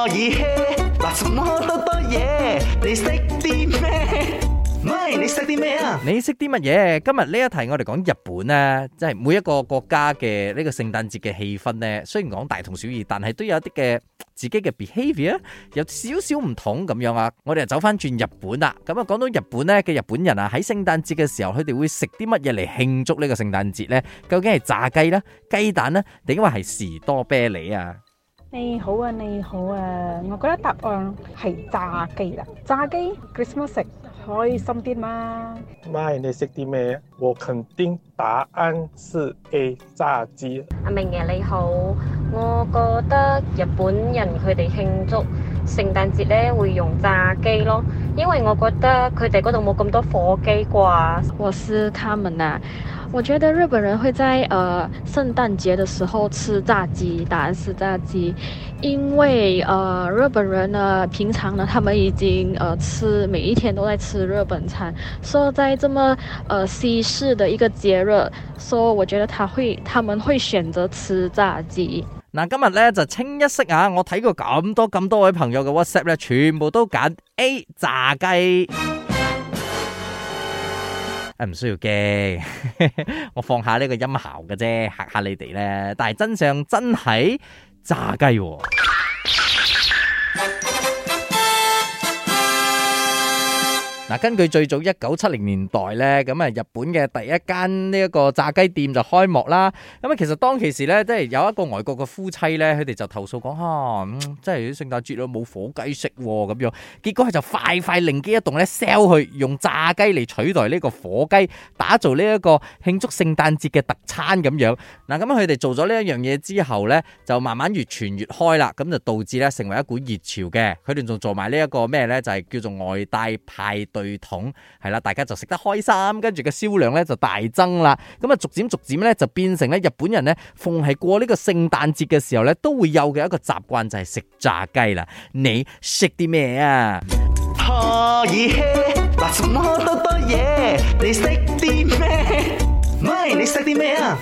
我耳起，話什麼多多嘢？你識啲咩？咪你識啲咩啊？你識啲乜嘢？今日呢一題我哋講日本咧，即係每一個國家嘅呢個聖誕節嘅氣氛咧，雖然講大同小異，但係都有一啲嘅自己嘅 behaviour，有少少唔同咁樣啊。我哋就走翻轉日本啦。咁啊，講到日本咧嘅日本人啊，喺聖誕節嘅時候，佢哋會食啲乜嘢嚟慶祝呢個聖誕節咧？究竟係炸雞咧、雞蛋咧，定話係士多啤梨啊？你好啊，你好啊，我覺得答案係炸雞啦，炸雞 Christmas 食開心啲嘛？唔係，你食啲咩？我肯定答案是 A 炸雞。阿明嘅、啊、你好，我覺得日本人佢哋慶祝聖誕節咧會用炸雞咯，因為我覺得佢哋嗰度冇咁多火雞啩。我是他們啊。我覺得日本人會在，呃，聖誕節的時候吃炸雞，答案是炸雞，因為，呃，日本人呢，平常呢，他們已經，呃，吃，每一天都在吃日本餐，所以，在這麼，呃，西式的一個節日，所以我覺得他會，他們會選擇吃炸雞。嗱，今日咧就清一色啊，我睇過咁多咁多位朋友嘅 WhatsApp 咧，全部都揀 A 炸雞。唔、啊、需要驚，我放下呢個音效嘅啫吓吓你哋咧，但係真相真係炸雞，啊。根據最早一九七零年代咧，咁啊日本嘅第一間呢一個炸雞店就開幕啦。咁啊，其實當其時咧，即係有一個外國嘅夫妻咧，佢哋就投訴講即係聖誕節冇火雞食喎咁樣。結果佢就快快靈機一動咧，sell 去用炸雞嚟取代呢個火雞，打造呢一個慶祝聖誕節嘅特餐咁樣。嗱，咁佢哋做咗呢一樣嘢之後咧，就慢慢越傳越開啦，咁就導致咧成為一股熱潮嘅。佢哋仲做埋呢一個咩咧？就係叫做外帶派對。系統係啦，大家就食得開心，跟住個銷量咧就大增啦。咁啊，逐漸逐漸咧就變成咧，日本人咧逢係過呢個聖誕節嘅時候咧，都會有嘅一個習慣就係食炸雞啦。你食啲咩啊？可以！嗱，乜多多嘢？你食啲咩？咪你食啲咩啊？